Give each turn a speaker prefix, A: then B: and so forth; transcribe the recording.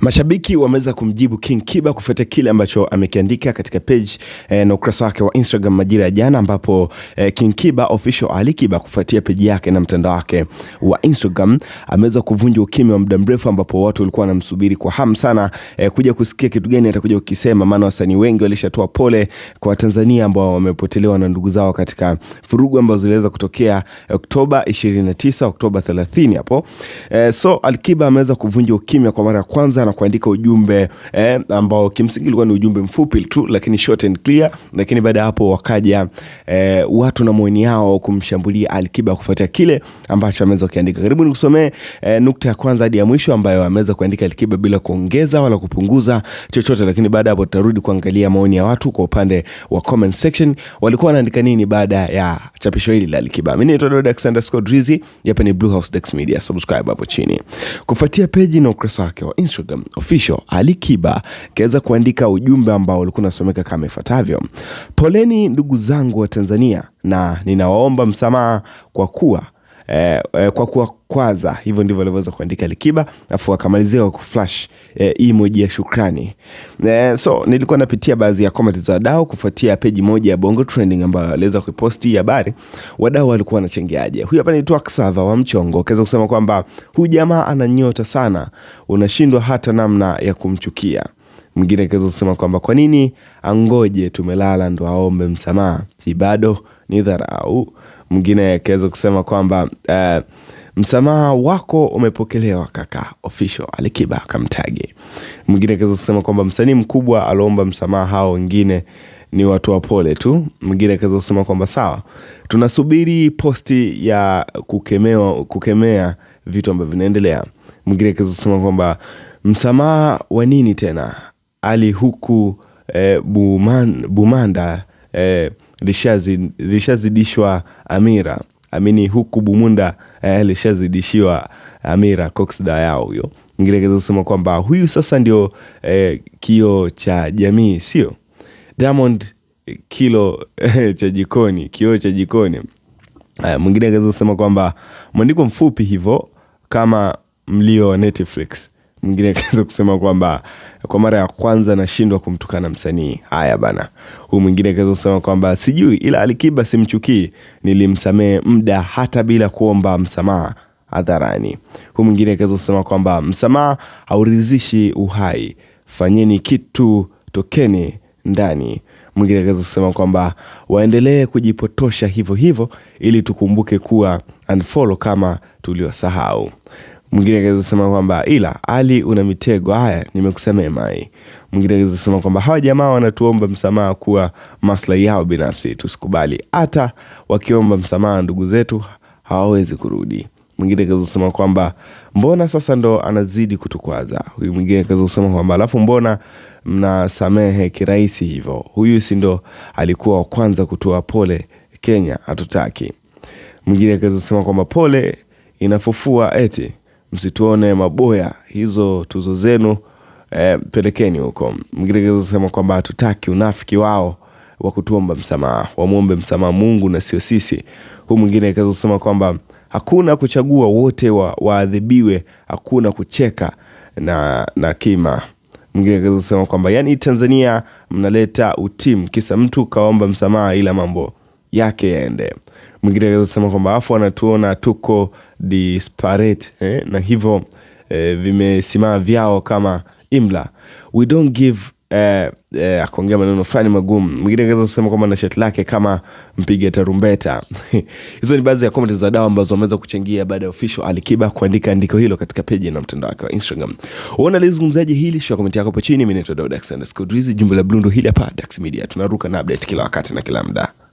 A: Mashabiki wameweza kumjibu King Kiba kufuatia kile ambacho amekiandika katika page eh, na ukurasa wake wa Instagram majira ya jana, ambapo eh, King Kiba official Ali Kiba kufuatia page yake na mtandao wake wa Instagram ameweza kuvunja ukimya wa muda mrefu, ambapo watu walikuwa wanamsubiri kwa hamu sana eh, kuja kusikia kitu gani atakuja kukisema, maana wasanii wengi walishatoa pole kwa Tanzania ambao wamepotelewa na ndugu zao katika furugu ambazo ziliweza kutokea Oktoba 29, Oktoba 30 hapo. Eh, so Ali Kiba ameweza kuvunja ukimya kwa mara ya kwanza na kuandika ujumbe eh, ambao kimsingi ulikuwa ni ujumbe mfupi tu, lakini short and clear. Lakini baada ya hapo wakaja eh, watu na maoni yao kumshambulia Alikiba kufuatia kile ambacho ameweza kuandika. Karibu nikusomee eh, nukta ya kwanza hadi ya mwisho ambayo ameweza kuandika Alikiba bila kuongeza wala kupunguza chochote, lakini baada hapo tutarudi kuangalia maoni ya watu kwa upande wa comment section walikuwa wanaandika nini baada ya chapisho hili la Alikiba. Mimi ni Alexander Scott Rizzi, hapa ni Blue House Dex Media, subscribe hapo chini kufuatia peji na ukurasa wake wa Instagram official Ali Kiba kaweza kuandika ujumbe ambao ulikuwa unasomeka kama ifuatavyo: poleni ndugu zangu wa Tanzania, na ninawaomba msamaha kwa kuwa eh, eh, kwa kuwa kwaza. Hivyo ndivyo alivyoweza kuandika Likiba, afu akamalizia kwa kuflash eh, emoji ya shukrani eh, so nilikuwa napitia baadhi ya comment za wadau kufuatia page moja ya Bongo Trending ambayo aliweza kuposti hii habari. Wadau walikuwa wanachangiaje? Huyu hapa anaitwa Twaksava wa Mchongo kaweza kusema kwamba huyu jamaa ana nyota sana, unashindwa hata namna ya kumchukia. Mwingine kaweza kusema kwamba kwa nini angoje tumelala ndo aombe msamaha, hii bado ni dharau mwingine akiweza kusema kwamba uh, msamaha wako umepokelewa kaka official Alikiba akamtage. Mwingine akaweza kusema kwamba msanii mkubwa aliomba msamaha, hao wengine ni watu wa pole tu. Mwingine akaweza kusema kwamba sawa, tunasubiri posti ya kukemewa, kukemea vitu ambavyo vinaendelea. Mwingine akaweza kusema kwamba msamaha wa nini tena ali huku eh, buman, bumanda eh, lishazidishwa amira amini huku Bumunda eh, lishazidishiwa amira Cox yao huyo. Ningeweza kusema kwamba huyu sasa ndio eh, kio cha jamii, sio Diamond eh, kilo eh, cha jikoni, kio cha jikoni. Mwingine angeweza kusema kwamba mwandiko mfupi hivyo kama mlio wa Netflix mwingine akaanza kusema kwamba kwa mara ya kwanza nashindwa kumtukana msanii. Haya bana, huyu mwingine akaweza kusema kwamba sijui, ila Alikiba simchukii, nilimsamehe muda hata bila kuomba msamaha hadharani. Huyu mwingine akaweza kusema kwamba msamaha hauridhishi uhai, fanyeni kitu, tokeni ndani. Mwingine akaweza kusema kwamba waendelee kujipotosha hivyo hivyo, ili tukumbuke kuwa unfollow kama tuliosahau. Mwingine akaweza kusema kwamba ila Ali una mitego, haya nimekusamea mai. Mwingine akaweza kusema kwamba hawa jamaa wanatuomba msamaha kuwa maslahi yao binafsi, tusikubali. Hata wakiomba msamaha ndugu zetu hawawezi kurudi. Mwingine akaweza kusema kwamba mbona sasa ndo anazidi kutukwaza huyu. Mwingine akaweza kusema kwamba alafu mbona mnasamehe kirahisi hivyo? Huyu si ndo alikuwa wa kwanza kutoa pole Kenya hatutaki. Mwingine akaweza kusema kwamba pole inafufua eti msituone maboya, hizo tuzo zenu eh, pelekeni huko. Mgiregeza sema kwamba hatutaki unafiki wao wa kutuomba msamaha, wamwombe msamaha Mungu na sio sisi. Huu mwingine akaweza kusema kwamba hakuna kuchagua, wote waadhibiwe, wa hakuna kucheka na, na kima. Mwingine akaweza kusema kwamba yani Tanzania mnaleta utimu, kisa mtu kaomba msamaha, ila mambo yake yaende. Mwingine anaweza sema kwamba afu anatuona tuko disparate eh, na hivyo eh, vimesimama vyao kama imla we don't give eh, eh, akaongea maneno fulani magumu. Mwingine anaweza kusema kwamba na shati lake kama mpiga tarumbeta. Hizo ni baadhi ya comment za dawa ambazo wameweza kuchangia baada ya official Alikiba kuandika andiko hilo katika peji na mtandao wake wa Instagram. Unaona lizungumzaji hili, shika comment yako hapo chini. Mimi naitwa Daud Alexander Skudrizi, jumbe la blundo hili hapa Dax Media, tunaruka na update kila wakati na kila muda.